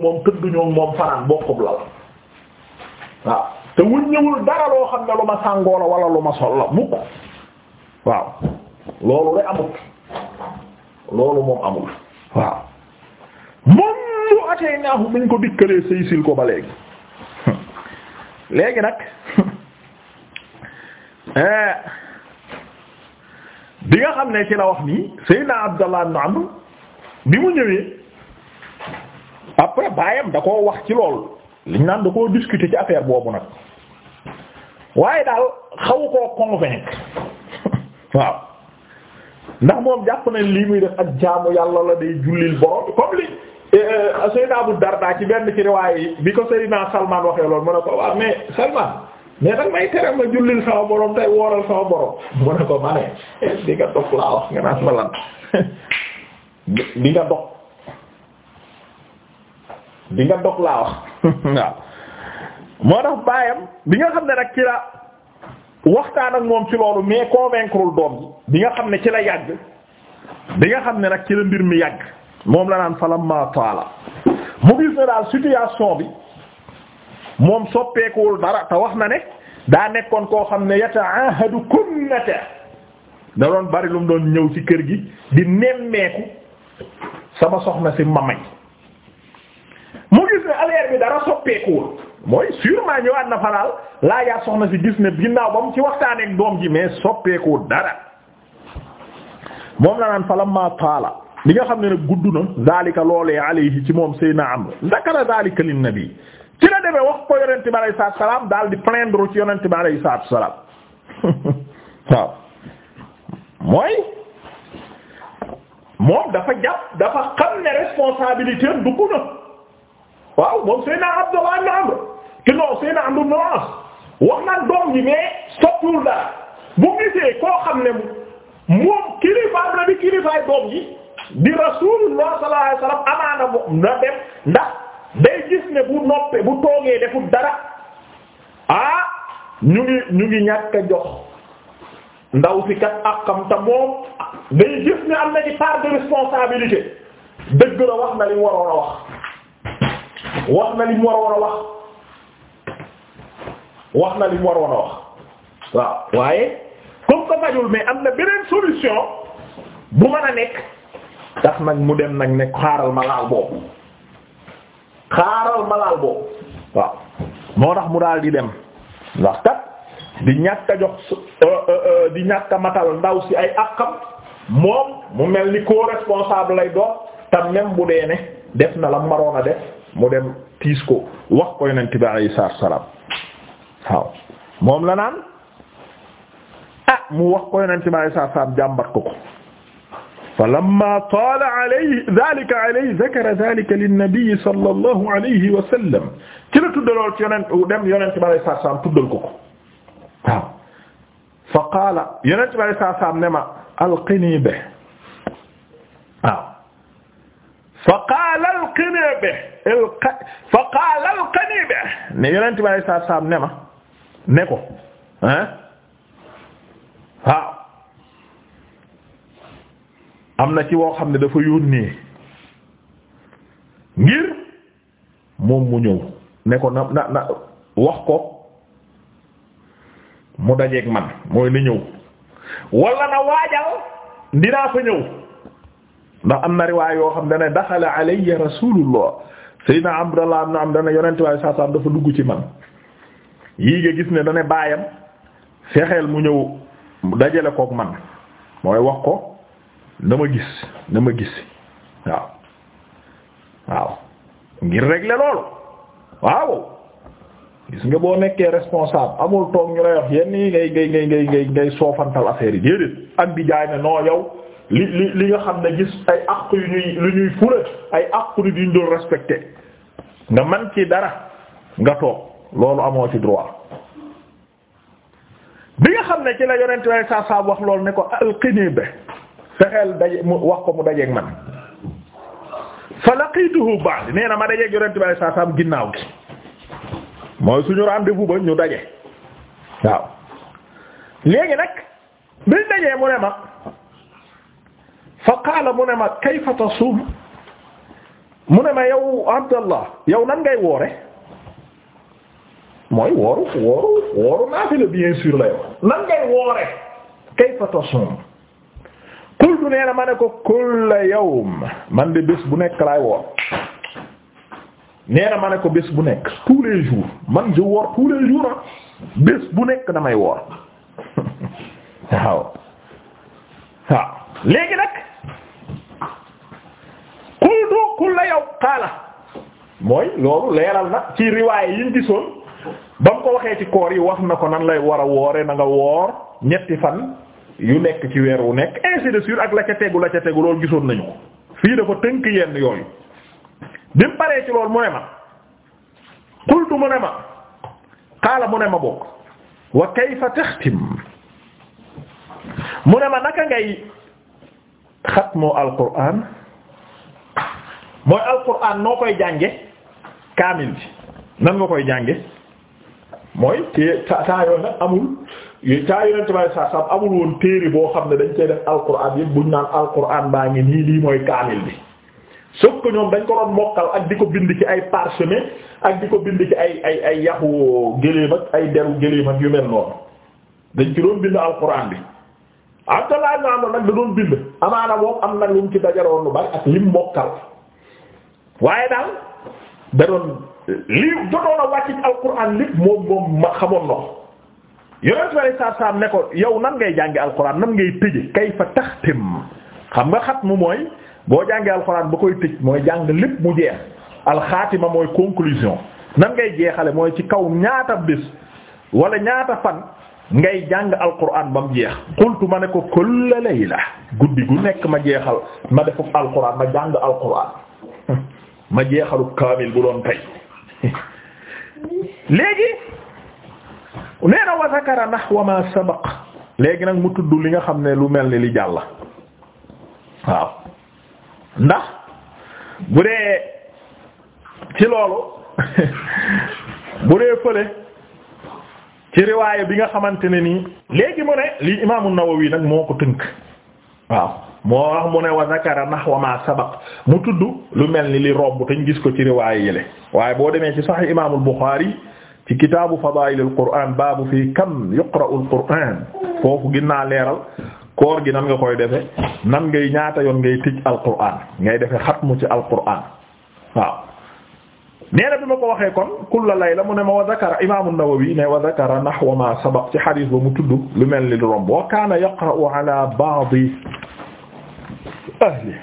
moom tëdduñoo moom fanaan bokkub la la waaw te wuñ ñëwul dara loo xam ne lu ma sàngoo la wala lu ma sol la mukk waaw loolu de amul loolu moom amul waaw moom lu atee naaxu biñ ko dikkalee sëy sil ko ba léegi léegi nag eh. bi nga xam ne ci la wax nii Seydina Abdallah ibn Amr bi mu ñëwee après baayam da koo wax ci loolu liñ naan da koo discuter ci affaire boobu nag waaye daal xaw koo convaincre waaw ndax moom jàpp na lii muy def ak jaamu yàlla la day jullil borom comme li euh, Seydina Abu Darda ci benn ci riwaay bi ko Seydina Salman waxee loolu mu ne ko waaw mais Salman mais nag may tere ma jullil sama borom tey wooral sama borom mu ne ko ma ne eh, di laa wax nga naan ma lan di nga di nga dox laa wax waaw moo tax baayam bi nga xam ne nag ci la waxtaan ak moom ci loolu mais convaincre doom bi nga xam ne ci la yàgg bi nga xam ne nag ci la mbir mi yàgg moom la naan falamma taala mu gis ne daal situation bi moom soppeekuwul dara te wax na ne daa nekkoon koo xam ne yataahadu kunnata da doon bari lu mu doon ñëw ci kër gi di nemmeeku sama soxna si mamay gis ne affaire bi dara soppeekuwul mooy sûrement ñëwaat na fa laal laajaat soxna si gis ne ginnaaw ba mu ci waxtaanee ak doom ji mais soppeekuwul dara moom la naan falamma taala li nga xam ne nag gudd na zalika loolee alayhi ci moom sayna Amr zakara zalika lin nabi ci la demee wax ko yonent bi alayhi salaam daal di plaindre ci yonent bi alayhi salaatu salaam waaw mooy moom dafa jàpp dafa xam ne responsabilité dugg na. waaw moom Seyna Abdullah ibn Amr ki non Seyna Amr ibn As wax naan doom ji mais soppiwul dara bu gisee koo xam ne moom kilifaam la bi kilifaay doom ji di Rasulullah sallallahu alayhi wasallam na dem ndax day gis ne bu noppee bu toogee defut dara ah ñu ngi ñu ngi ñàkk a jox ndaw si kat akam te moom day gis ne am na ci part de responsabilité dëgg la wax na li waroon a wax. wax na li mu waroon a wax na li mu waroon wax waaw waaye comme que fajul mais am na beneen solution bu mën a nekk tax nag mu dem nag ne xaaral ma laal boobu xaaral ma laal boobu waaw moo tax mu daal di dem ndax kat di ñàkk a jox euh, euh, euh, di ñàkk matal ndaw si ay akkam moom mu mel ni co-responsable lay doon te même bu dee ne def na la maroon a def. mu dem tiis ko wax ko yonent bi alayhi salaam waaw moom la naan ah mu wax ko yonent bi alayhi salaam jàmbat ko ko fa lamma taala alayhi dhalika alayhi dhakara dhalika linnabi sallallahu alayhi wa sallam ci la tuddalool ci yonent dem yonent bi alayhi salaam tuddal ko ko waaw fa qaala yonent bi alayhi salaam ne ma alqini be waaw fa qaala alqinii bihi fa qaala alqinii ne yonent bi ne ma ne ko ah waaw am na ci woo xam ne dafa nii ngir moom mu ñëw ne ko na na na wax ko mu dajeeg man mooy na ñëw wala na waajal dinaa fa ñëw. ndax am na riwaay yoo xam dana daxala alayya rasulullah sayyidina abdallah na am dana yonent waaye saa saam dafa dugg ci man yii nga gis ne dana baayam fexeel mu ñëw dajale kook man mooy wax ko na ma gis na ma gis waaw waaw ngir régler loolu waaw gis nga boo nekkee responsable amul toog ñu lay wax yenn yi ngay ngay ngay soofantal affaire déedéet ak di jaay ne non yow li li li nga xam ne gis ay àq yu ñuy lu ñuy fula ay àq nit yu ñu doon respecté nga man ci dara nga toog loolu amoo ci droit bi nga xam ne ci la yonent way saa wax loolu ne ko alqini be fexeel daje mu wax ko mu dajeeg man fa laqituhu ba'd nee na ma dajeeg yonent way saa saa ginnaaw gi mooy suñu rendez-vous ba ñu daje waaw léegi nag biñ dajee mu ne ma fa qaala mu ne ma kayfa tasuum mu ne ma yow abdallah yow nan ngay woore mooy wooru wooru wooru naafila bien sûr la yow nan woore kayfa tasuum qultu nee na ma ne ko kulla yawm man de bés bu nekk laay woor nee na ma ne ko bés bu nekk tous les man je woor tous les jours ah bu nekk may woor waaw waaw léegi nag qultu kul la yow qaala mooy loolu leeral na ci riwaay yi ñu gisoon ba mu ko waxee ci koor yi wax na ko nan lay war a woore na nga woor ñetti fan yu nekk ci weer wu nekk ainsi de suite ak la ca tegu la ca tegu loolu gisoon nañu ko fii dafa tënk yenn yooyu bi mu paree ci loolu mu ne ma qultu mu ne ma qaala mu ne ma bokk wa kayfa taxtim mu ne ma naka ngay xatmu alquran mooy alquran noo koy jànge kaamil bi nan nga koy jànge mooy te taa yooyu nag amul taa yooyu nag amul woon téere boo xam ne dañ cey def alquran yëpp buñ naan alquran baa ngi nii lii mooy kaamil bi sauf que ñoom dañ ko doon mokkal ak di ko bind ci ay parchemin ak di ko bind ci ay ay ay yaxu gëléem ay deru gëléem ak yu mel noonu dañ ci doon bind alquran bi. Abdallah ibn Amr nag da doon bind amaana moom am na lu mu ci dajaroon lu ak lim mokkal waaye daal da doon lii jotoon a wàcc ci alquran lépp moom moom xamoon na ko yonent bi saa ne ko yow nan ngay jàngi alquran nan ngay tëje kayfa taxtim xam nga xat mu mooy boo jàngee alquran ba koy tëj mooy jàng lépp mu jeex alxaatima mooy conclusion nan ngay jeexale mooy ci kaw ñaata bés wala ñaata fan. ngay jàng alquran ba mu jeex qultu ma ne ko kulla layla guddi gu nekk ma jeexal ma defub alquran ma jàng alquran ma jeexalu kaamil bu doon tey léegi nee na wa zakara sabaq léegi nag mu tudd li nga xam ne lu mel ni li jàll waaw ndax bu dee ci loolu bu dee fële ci riwaaya bi nga xamante ne nii léegi mu ne lii imaamu Nawawi nag moo ko tënk waaw moo wax mu ne wa zakara nahwa ma sabaq mu tudd lu mel ni li robb te ñu gis ko ci riwaaya yële waaye boo demee ci Sahih imaamul Bukhari ci kitaabu fadaa'ilil Qur'aan baabu fii kam yuqra'ul Qur'aan foofu ginnaa leeral koor gi nan nga koy defe nan ngay ñaata yoon ngay tij Alqur'aan ngay defe xatmu ci Alqur'aan waaw nee na bi ma ko waxee kon kulla layla mu ne ma wa zakara imam an-Nawawi ne wa zakara nahwa ma sabaq ci xadis ba mu tudd lu mel ni du romb wa kaana yaqra'u ala ba'di ahli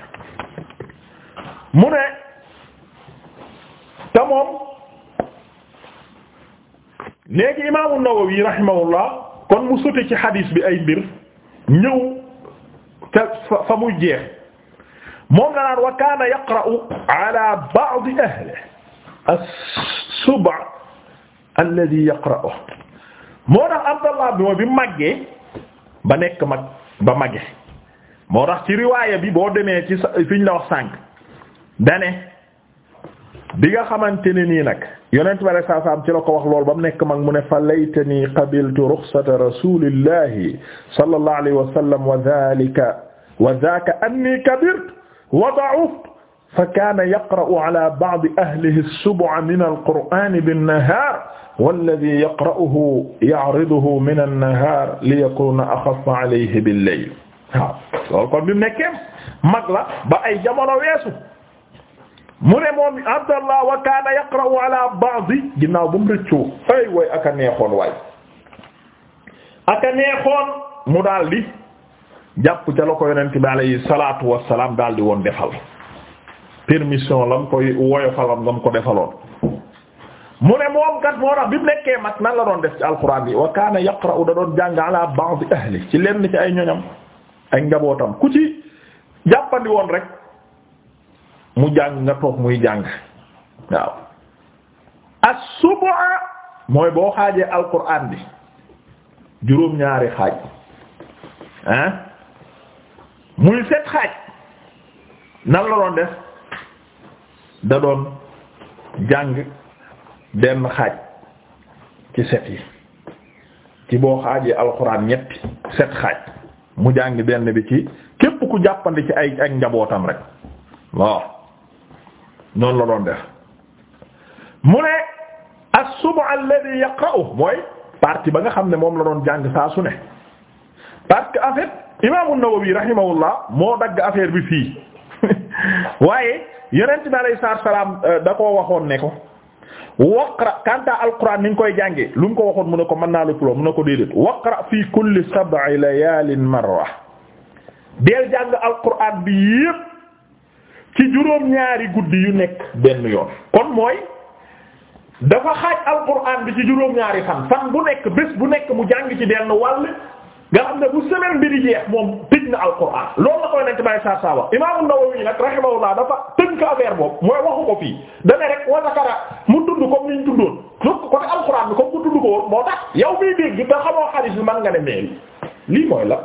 mu ne te moom léegi imam an-Nawawi rahimahullah kon mu sute ci xadis bi ay mbir ñëw ca fa muy jeex moom la naan wa kaana yaqra'u ala ba'di ahli as-sub' alladhi yaqra'u moo tax Abdallah bi mooy bi màggee ba nekk mag ba màggee moo tax ci riwaaya bi boo demee ci fi ñu la wax sànq dane bi nga xamante ne nii nag yonent bi saa saam ci la ko wax lool ba mu nekk mag mu ne fa laytani qabiltu ruxsata rasulillahi sallallahu alayhi wa sallam wa dhalika wa dhaka anni kabirtu wa da'uftu fa kaana yaqra'u ala ba'di ahlihi as-sub'a min al-qur'aani bin-nahaar walladhii yaqra'uhu ya'riduhu min an-nahaar liyakuuna axaffa alayhi bil-layl waaw loolu kon bi mu nekkee mag la ba ay jamono weesu mu ne moom Abdallah wa kaana yaqra'u ala ba'di ginnaaw bu mu rëccoo ay way aka neexoon waay aka neexoon mu daal di jàpp ca la ko Yonent bi alayhi salaatu wa salaam daal di woon defal. permission lam koy woyofalam lam ko defaloon mu ne moom kat moo tax bi mu nekkee mag nan la doon def ci alquran bi wa kaana yaqra'u da doon jàng ala ba'd ahli ci lenn ci ay ñoñam ay njabootam ku ci jàppandi woon rek mu jàng nga toog muy jàng waaw as mooy boo xaajee alquran bi juróom ñaari xaaj ah muy set xaaj nan la doon def da doon jàng benn xaaj ci set yi ci boo xaajee alxuraan ñetti set xaaj mu jàng benn bi ci képp ku jàppandi ci ay njabootam rek waaw noonu la doon def mu ne as-subu alladhi yaqra'u mooy partie ba nga xam ne moom la doon jàng saa su ne parce que en fait imaamu Nawawi rahimahullah moo dagg affaire bi fii waaye yonent bi alayhi salaam euh, da koo waxoon ne ko waqra kanta alquran ni nga koy jànge lu mu ko waxoon mu ne ko mën naa lu puloo mu ne ko déedéet waqra fi kulli sab'i layaalin marra deel jàng alquran bi yépp ci juróom-ñaari guddi yu nekk benn yoon kon mooy dafa xaaj alquran bi ci juróom-ñaari fan fan bu nekk bés bu nekk mu jàng ci benn wàll nga xam ne u semaine bi di jeex moom tëj na alquran loolu la koy nekk bay saa saa wax Imaam An-Nawawi nag rahimahullah dafa tënk affaire boobu mooy waxu fii dana rek wa zakara mu tudd comme ni ñu tuddoon donc côté alquran bi comme mu tudd ko woon moo tax yow miy dégg da xamoo xalis bi man nga ne mais lii mooy la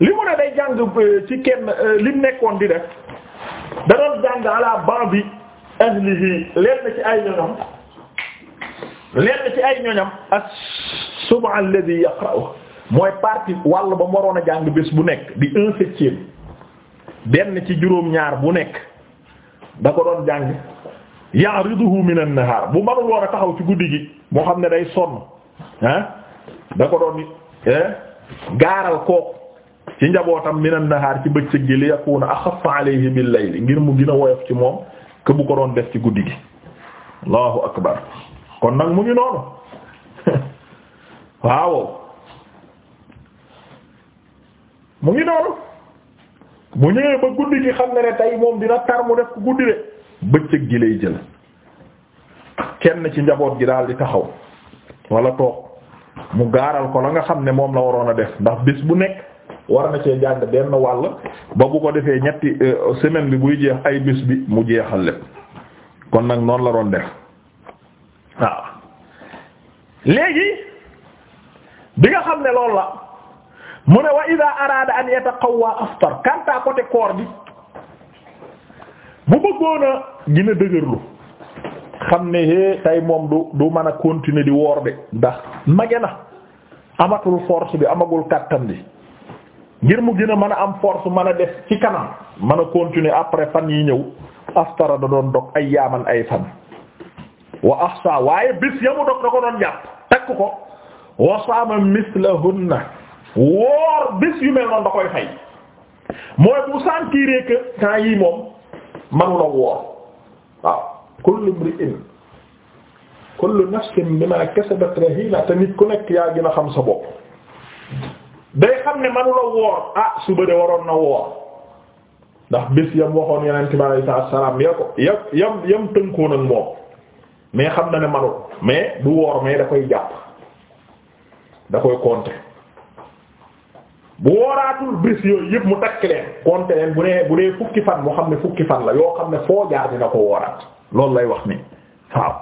li mu ne day jàng euh, ci kenn euh, li mu nekkoon di def da doon jàng ala ba'di ahlihi lenn ci ay ñoñam lenn ci ay ñoñam as-sub'a alladhi mooy partie wàll ba mu waroon a jàng bés bu nekk di un septième benn ci juróom-ñaar bu nekk da ko doon jàng ya'riduhu min an-nahar bu manul a taxaw ci guddi gi moo xam ne day sonn da ko doon gaaral kooku ci njabootam min an-nahar ci bëccëg gi li yakuna axaffa alayhi bil layl ngir mu gën a woyof ci moom que ko doon def ci guddi gi allahu akbar kon nag mu ngi noonu waaw mu ngi noonu bu ñëwee ba guddi gi xam ne ne tey moom dina tar mu def ko guddi de bëccëg gi lay jël kenn ci njaboot gi daal di taxaw wala toog mu gaaral ko la nga xam ne moom la waroon a def ndax bis bu nekk war na cee jàng benn wàll ba bu ko defee ñetti euh, semaine bi buy jeex ay bis bi mu jeexal lépp kon nag noonu la doon def waaw léegi bi nga xam ne loolu la mu ne wa ida araada an yataqawwa aftar kanta côté koor bi bu bëggoon a gina dëgërlu xam ne é tey moom du du mën a continuer di woor de ndax mage na amatul force bi amagul kàttan bi ngir mu gën a mën a am force mën a def ci kanam mën a continuer après fan yi ñëw aftara da doon dog ay yaaman ay fan wa ahsa waaye bis ya mu dog da ko doon jàpp takk ko wa saama mislahunna woor bés yu mel noonu da koy fay mooy bu sentir que temps yii moom manula woor waaw kullu mri'in kullu nafsin bima kasabat rahina te nit ku nekk yaa gën xam sa bopp day xam ne manula woor ah suba de waroon na woor ndax bés yam waxoon yonent bi alayhi salaam ya ko yam yam yam tënkoon moom mais xam na ne manul mais du woor mais da koy jàpp da koy compter bu wooraatul bés yooyu yëpp mu takk leen compter leen bu dee bu dee fukki fan moo xam ne fukki fan la yoo xam ne foo jaar dina ko wooraat loolu lay wax ni waaw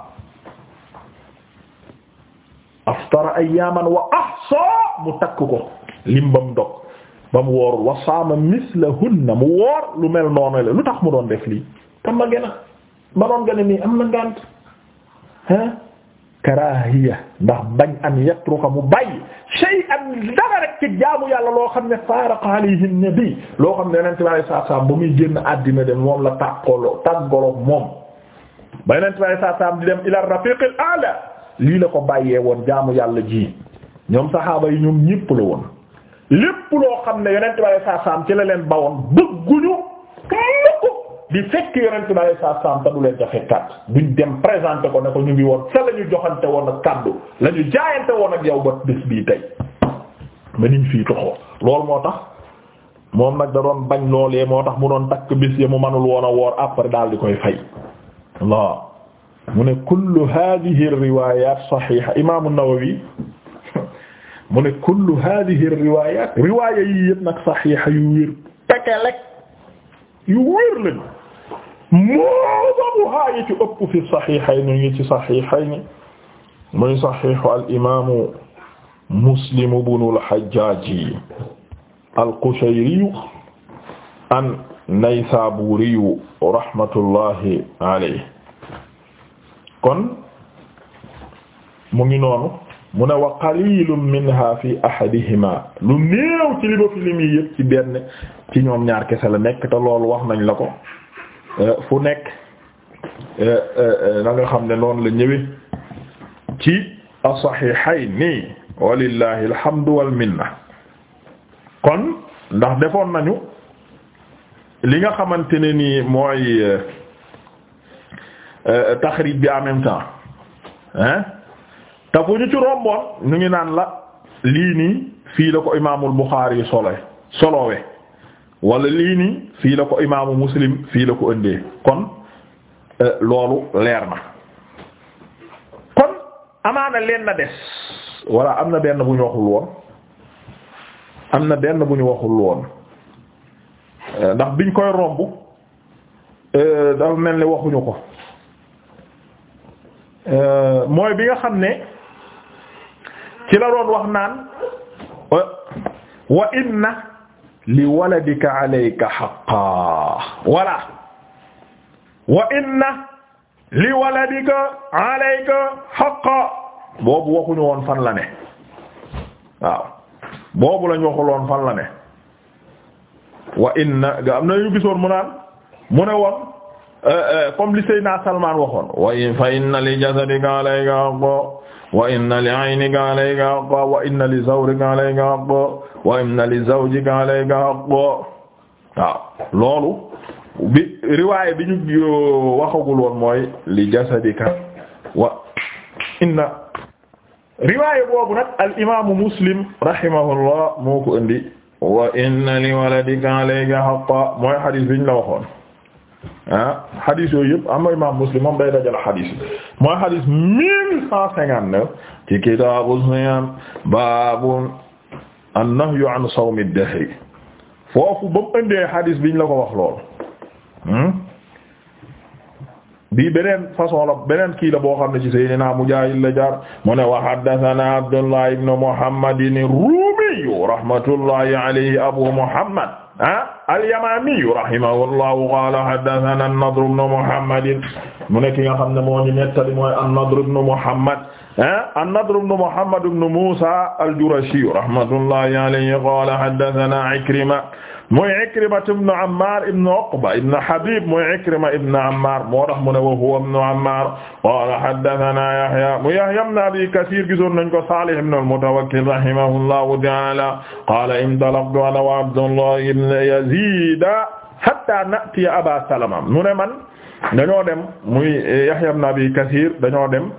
aftara ayyaman wa ahsa mu takk ko lim ba mu dog ba mu woor wa saama mislahunna mu wor lu mel noonu la lu tax mu doon def lii tam ma gën a ma doon gën nii am na ngànt hein karaahiya ndax bañ an yatruka mu bàyyi shay'an dara rek ci jaamu yàlla loo xam ne faaraqa alayhi nabi loo xam ne yonent bi sallallahu alayhi ba muy génn àddina dem moom la tàqaloo tàggaloo moom ba yonent bi sallallahu alayhi wasallam di dem ila rafiq al lii la ko bàyyee woon jaamu yàlla ji ñoom saxaaba yi ñoom ñépp la woon lépp loo xam ne yonent bi sallallahu alayhi ci la leen bawoon bëgguñu lépp di fekk yonent bi alayhi salaatu te du leen ca fekkaat duñ dem présenté ko ne ko ñu ngi woon sa la ñu joxante woon ak kàddu la ñu jaayante woon ak yow ba bés bii tey ba niñ fii toxoo loolu moo tax moom nag da doon bañ loolee moo tax mu doon takk bés ya mu manul woon a woor après daal di koy fay waaw mu ne kullu hadhihi riwayat sahiha imam an-Nawawi mu ne kullu hadhihi riwayat riwaaya yi yëpp nag sahiha yu wér pekelek yu wér lañu mu'zamuhaa yi ci ëpp fi saxiixayn ñu ngi ci saxiixayn muy saxiixu al imaamu muslim ibnu al hajjaaji al qushayri an naysaabuuri rahmatullahi alayhi kon mu ngi noonu mu ne wa qalilun minha fi ahadihima lu néew ci li ba fi limi yëpp ci benn ci ñoom ñaar kese la nekk lool wax nañ la ko Euh, fu nekk euh, euh, na nga xam ne noonu la ñëwee ci as-sahihayni walillahi alhamdu wal minna kon ndax defoon nañu li nga xamante ne nii mooy taxrij bi en même temps hein te fu ñu ci romboon ñu ngi naan la lii nii fii la ko imaamul Buxaari solo solowe wala lii nii fii la ko imaamu muslim fii la ko ëndee kon euh, loolu leer na kon amaana leen na des wala am na benn bu ñu waxul woon am na benn bu ñu waxul woon euh, ndax biñ koy romb euh, dafa mel ni waxuñu ko mooy bi nga xam ne ci la doon wax naan wa inna li waladika alayka haqqan wala wa li waladika alayka haqqan boobu waxuñu woon fan la ne waaw boobu lañ waxul woon fan la ne wa am na ñu gisoon mu naan mu ne woon euh, euh, comme li Seydina Salman waxoon wa in li jasadika alayka haqqan wa inna li aynika alayka haqqan wa inna li zawrika alayka haqqan wa inna li zawjika alayka haqqan waaw loolu bi riwaay bi ñu euh, waxagul woon mooy li jasadika wa inna riwaay boobu nag al imaamu muslim rahimahullah moo ko indi wa inna li waladika alayka haqqan mooy hadith bi ñu la waxoon ah hadith yooyu yëpp am na imaam Muslim moom day dajal hadith mooy hadith mille cent cinquante neuf ci kitaabu siyaam baabu an-nahyu an sawmi ad-dahr foofu ba mu ëndee hadith biñ la ko wax lool. Hmm? bii beneen façon la beneen kii la boo xam ne ci Seydina Mujaahid la jaar mu ne wa haddathana Abdullah ibn Muhammad ar-Rumi rahmatullahi alayhi Abu Muhammad ah alyamaniyu rahimahullahu qala haddathana an-Nadr ibn Muhammad mu nekk nga xam ne moo ñu nettali mooy an-Nadr ibn Muhammad an-Nadr ibn Muhammad ibn Musa al-Jurashi rahmatullahi alayhi qala haddathana Ikrima mooy Ikrima ibn Ammar ibn Uqba ibn Habib mooy Ikrima ibn Ammar moo tax mu ne wa huwa ibn Ammar qala haddathana Yahya mu Yahya ibn Abi Kathir gisoon nañ ko Salih ibn al-Mutawakkil rahimahullahu ta'ala qala intalaqtu ana wa Abdullah ibn Yazid hatta na'tiya Aba Salama mu ne man dañoo dem muy Yahya ibn Abi Kathir dañoo dem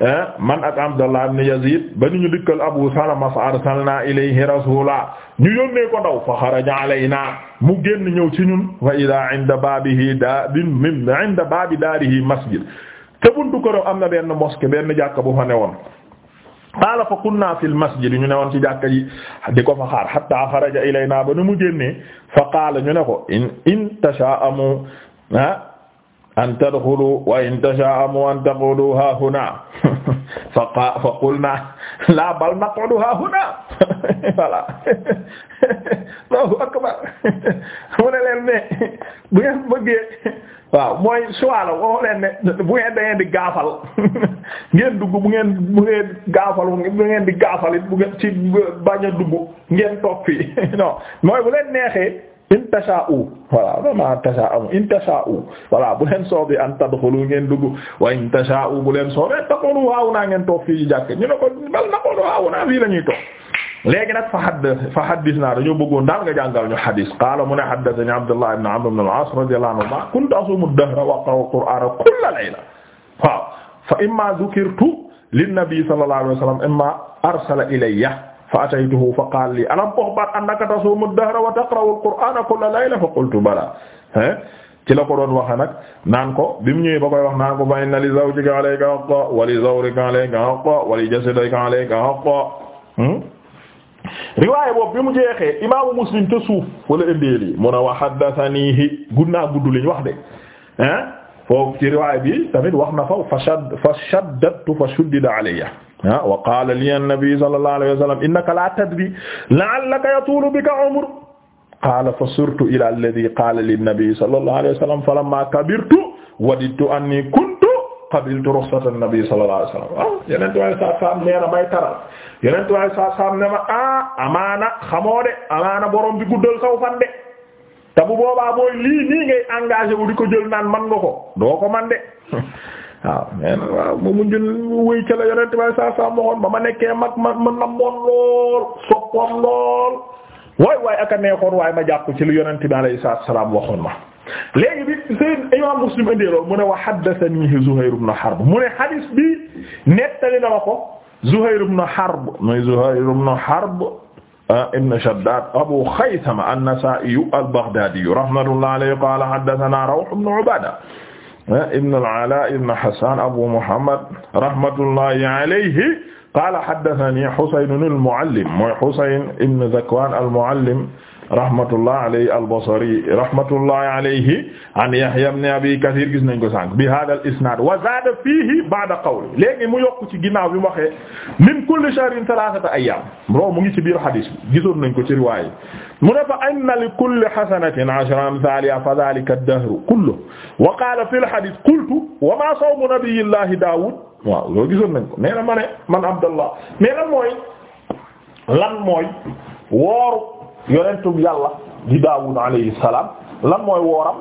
Eh, man ak Abdallah ibn Yazid ba ñu dikkal Abu Salama fa arsalna ilayhi rasula ñu yónnee ko ndaw fa xaraja alayna mu génn ñëw ci ñun fa ida inda babihi da min inda babi daarihi masjid te buntu këram am na benn mosquée benn jàkka bu fa newoon qaala fa kunna fil masjid ñu ne woon ci jàkka ji di ko fa xaar hatta xaraja ilayna ba nu mu génnee fa qaala ñu ne ko in in tashaamu ah an tadxulu wa in tashaa'u an taqudu ha huna fa qulna la bal naqudu ha huna voilà Allahu akbar mu ne leen ne bu ngeen bëggee waaw mooy choix la ngeen da ngeen di gaafal ngeen dugg ngeen bu ngeen gaafal bu ngeen di gaafal it bu ngeen ci bañ mooy bu leen neexee. in tasha'u voilà vraiment tasha'u in tasha'u voilà bu leen soobee an tadxulu ngeen dugg wa in tasha'u bu leen soobee taqulu waaw naa ngeen toog fii jàkk ñu ne ko bal naqulu waaw naa fii la ñuy toog léegi nag fa xadd fa xaddis naa dañoo bëggoon daal nga jàngal ñu xadis qaala mu ne haddathani Abdullah ibn Amr ibn al-As radiyallahu anhu kuntu asumu ad-dahra wa aqra'u al-Qur'ana kulla layla waaw fa imma dhukirtu lin-nabi sallallahu alayhi wa sallam imma arsala ilayya fa ataytuhu fa qaala li alam ukhbir annaka tasuumu ad-dahra wa taqra'u al-qur'aana kulla layla fa qultu balaa ci la ko doon waxe nag naan ko bi mu ñëwee ba koy wax naan ko fa inna li zawjika alayka haqqan wa li zawrika alayka haqqan wa li jasadika alayka haqqan hmm? riwaaya boobu bi mu jeexee imaamu muslim ca suuf wala ëndeeli mun a wa haddathanihi gunnaa gudd liñ wax de ah foofu ci riwaaya bi tamit wax na fa fa shaddadtu fa shuddida alayya ah wa qaala li an-nabi sallallahu alayhi wa sallam innaka la tadri la'allaka yatulu bika umr qaala fa surtu ila alladhi qaala lin-nabi sallallahu alayhi wa sallam falamma kabirtu wadidtu anni kuntu qabiltu rukhsata an-nabi sallallahu alayhi wa sallam ah yeneen tubaab yi saa saa am nee na may taral yeneen tubaab yi saa saa am ne ma ah amaana xamoo de amaana borom bi guddal saw fan de te bu boobaa mooy lii nii ngay engagé wu di ko jël naan man nga ko doo ko man de. waaw mais nag waaw mu mujj wéy ca la yonent baay saa saa moxoon ba ma nekkee mag ma ma namoon lool soppoon lool waay waay aka neexoon waaye ma jàpp ci lu yonent bi alayhi salaatu salaam waxoon ma léegi bi seen imaam Muslim indee loolu mu ne wa haddathanii Zuhayr ibn Harb mu ne hadis bi nettali na ma ko Zuhayr ibn Harb mooy Zuhayr ibn Harb ah, ibn Shaddad Abu Khaythama an-Nasaa'i al-Baghdaadi rahmatullahi alayhi qaala haddathanaa Rawh ibn Ubaada Eh, ibn al-Ala ibn Hasan Abu Muhammad rahmatullahi alayhi qala haddathani Husayn al-Muallim mooy Husayn ibn Zakwan al-Muallim rahmatullahi alayhi al-Basri rahmatullahi alayhi an Yahya ibn Abi Kathir gis nañ ko sànq bi hada al-isnad wa zada fihi ba'da qawli léegi mu yokk ci ginnaaw bi mu waxee min kulli shahrin thalathata ayyam loolu mu ngi ci biir hadis bi gisoon nañ ko ci riwaaya mu ne fa inna li kulli hasanatin ashra amthaliha fa dhalika ad-dahru kulluhu wa qala fi al-hadith qultu wa ma sawmu nabiyyillahi Dawud waaw loolu gisoon nañ ko nee na ma ne man Abdallah mais lan mooy lan mooy wooru yonentum yàlla di Daawud alayhi salaam lan mooy wooram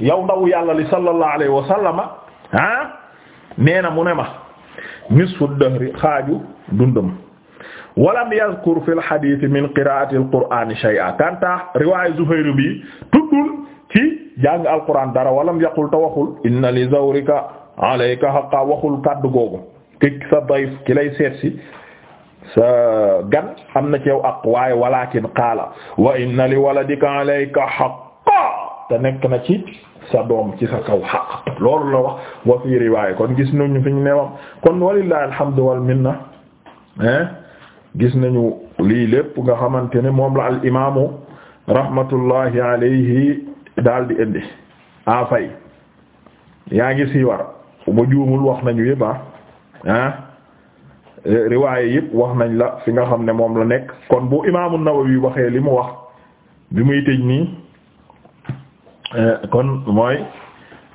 yow ndaw yàlla li sallallahu alayhi wa sallama ah nee na mu ne ma nisfu dahri xaaju dundam walam yazkur fil hadith min qiraati alqur'ani shay'a kanta riwaayu Zuhayr bi tuddul ci jàng alqur'an dara walam yaqul te waxul inna li zawrika alayka haqqan waxul kàddu googu ki sa dayf ki lay seetsi sa gan am na ci yow ak waaye walakin wa inna li waladika alayka haqqa te nekk na ci sa doom ci sa kaw xaq loolu la wax wa fi riwaaya kon gis nañu fi ñu newam kon walillahi alhamdu wal minna gis nañu lii lépp nga xamante ne moom la al imaamu rahmatullahi alayhi daal di indi a yaa ngi si war bu juumul wax nañu yëpp ah riwaaye yëpp wax nañ la fi nga xam ne moom la nekk kon bu imaamu Nawawi waxee li mu wax bi muy tëj nii eh, kon mooy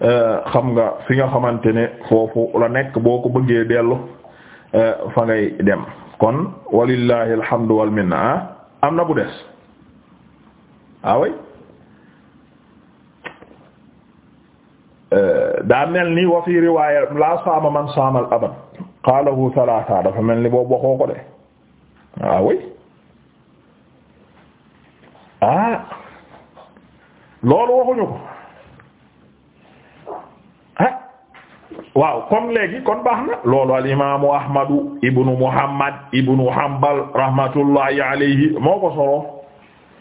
eh, xam nga fi nga xamante ne foofu la nekk boo ko bëggee dellu eh, fa ngay dem kon walillahi alhamdu wal minna ah, am na bu des waaway ah daa mel ni wa fi riwaaya la saama man saamal abad qaalahu salaasa dafa mel ni boobu waxoo ko de waaw ah way ah loolu waxuñu ko ah waaw kon léegi kon baax na loolu al imaamu ahmadu ibnu muhammad ibnu hanbal rahmatullahi alayhi moo ko solo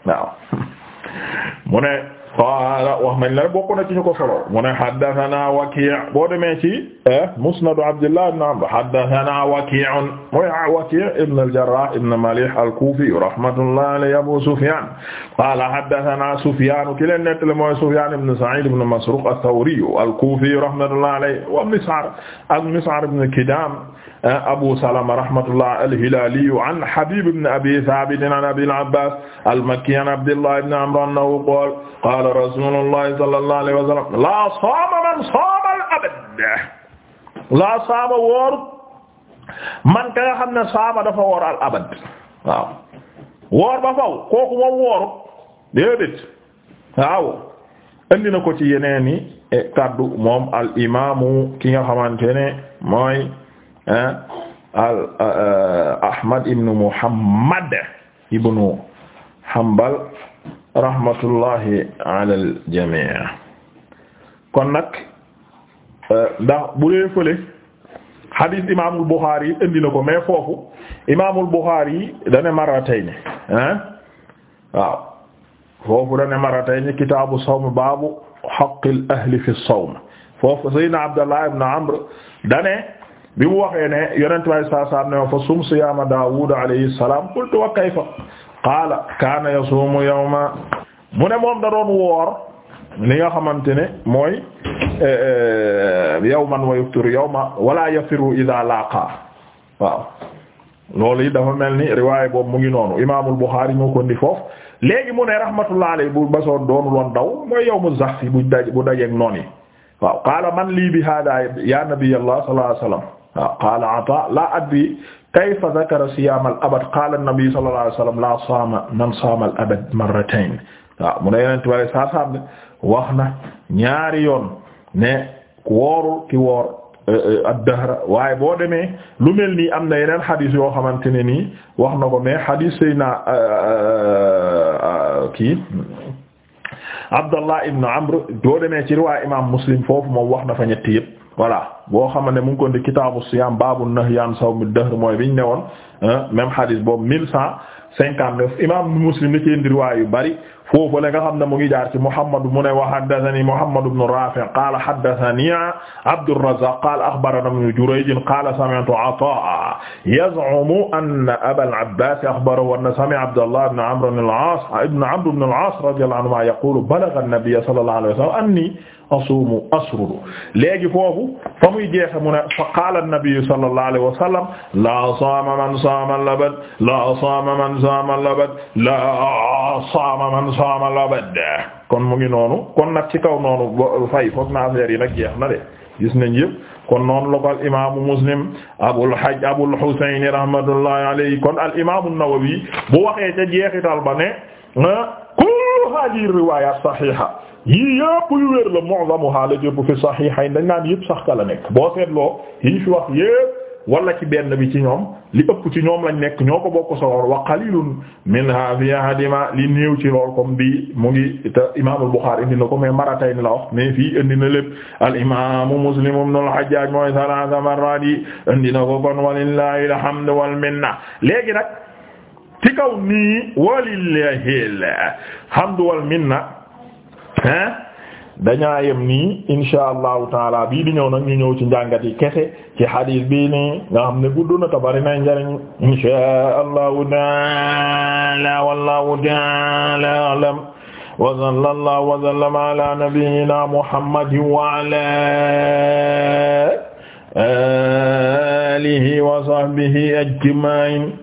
waaw mu ne qaala wax nañ la bokk na ci ñu ko solo mu ne haddathana Waki' boo demee ci eh, musnad Abdullah ibn Amr haddathana Waki' mooy Waki' ibn al-Jarrah ibn Malih al-Kufi rahmatullahi alayhi Abu Sufyan qaala haddathana Sufyan ki leen nettali mooy Sufyan ibn Sa'id ibn Masruq ath-Thawri al-Kufi rahmatullahi alayhi wa Mis'ar ak Mis'ar ibn Kidam Abu Salama rahmatullah al-Hilali an Habib ibn Abi Thabit an Abil Abbas al-Makki an Abdullah ibn Amr annahu qala qala Rasulullah sallallahu alayhi wa sallam la sama man sama al-abad la sama woor man ka nga xam ne sama dafa woor al-abad waaw woor ba faw kooku moom woor déedéet waaw andi na ko ci yeneeni eh, kàddu moom al imaamu ki nga xamante ne mooy Euh, Ahmad ibn Muhammad ibn Hanbal rahmatullahi ala jamii kon nag euh, ndax bu dee fële hadith Bukhari yi indi ko mais foofu imaamul Bukhari yi dane marratayni ah waaw foofu dane marratayni kitaabu sawm baabu haqqil ahli fi sawm foofu Sayyidina ibn Amr dane bi mu waxee ne yonent bi saa saa ne fa sum siyaama Daawuud alayhi salaam qultu wa kayfa qaala kaana yasuumu yawma mu ne moom da doon woor li nga xamante ne mooy eh, eh, yawman wa yuftiru yawma wala yafiru idaa laaqa waaw loolu yi dafa mel ni riwaay boobu mu ngi noonu imaamul Buxaari moo ko ndi foofu léegi bu basoon doonul woon daw mooy yawmu zahfi bu daj bu dajeeg noon yi waaw qaala man lii bi haadaa yaa nabiyallah sallallahu waaw qaala ata la adri kayfa dhakara siyaam al abad qaala an-nabi sallallahu alayhi wa sallam la saama man saama al abad marratayn waaw mu ne yenent ware saa saam wax na ñaari yoon ne wooru ki woor euh, euh, ad-dahra waaye boo demee lu mel nii am na yeneen xadis yoo xamante ne nii wax na ko mais xadis sayna euh, kii Abdallah ibn Amr boo demee ci riwaaya imam Muslim foofu moom wax na fa ñetti yëpp voilà boo xam ne mu ngi ko indi kitaabu siyaam baabu nahyi an sawmi dahr mooy biñ ne woon même hadis boobu mille cent cinquante neuf imaam Muslim ni ci indi riwaaya yu bari foofu la nga xam ne mu ngi jaar ci Muhammad mu ne wa haddathani Muhammad ibn Rafi' qaala haddathani Abdurrazzaq qaala akhbarana ibn Jurayj qaala sami'tu Ataa yaz'umu anna Abal Abbaas akhbarahu anna sami'a Abdullah ibn Amr ibn al-Aas ibn Amr ibn al-Aas radiyallahu anhu yaqulu balagha an-nabiy sallallahu alayhi wa sallam anni asuumu asrudu léegi foofu fa muy jeexe mu ne fa qaala an-nabiyyu sallallahu alayhi wa sallam laa saama man saama al-abad laa saama man saama al-abad laa saama man saama al-abad kon mu ngi noonu kon nag ci kaw noonu fay foog na affaire yi nag jeex na de gis nañ yëpp kon noonu la ko al imaamu muslim abul hajj abul husayn rahmatullahi alayhi kon al imaamu nawawi bu waxee ca jeexital ba ne ah, haadihi riwaayaat saxiixa yii yëpp yu wér la mu'zamuha la jëpp fi saxiixa yi dañ naan yëpp sax ka la nekk boo seetloo yi fi wax yëpp wala ci benn bi ci ñoom li ëpp ci ñoom lañ nekk ñoo ko bokk solool wa qalilun minha fi ahadima li néew ci lool comme bi mu ngi te imaamul Buxaari indi na ko mais maratay ni la wax mais fii indi na lépp al imaamu Muslim ibn al Hajjaj mooy salaasa marrat yi indi na ko kon walillahi alhamdu wal minna léegi nag ci kaw nii walillahil hamdu wal minna hein dañaa yem nii insha allahu taala bii di ñëw nag ñu ñëw ci njàngat yi kese ci hadis bii nii nga xam ne gudd na tabari nay njariñ insha allahu alam wa sallallahu wa sallama ala nabiyyina muhammadin wa ala alihi wa sahbihi ajma'in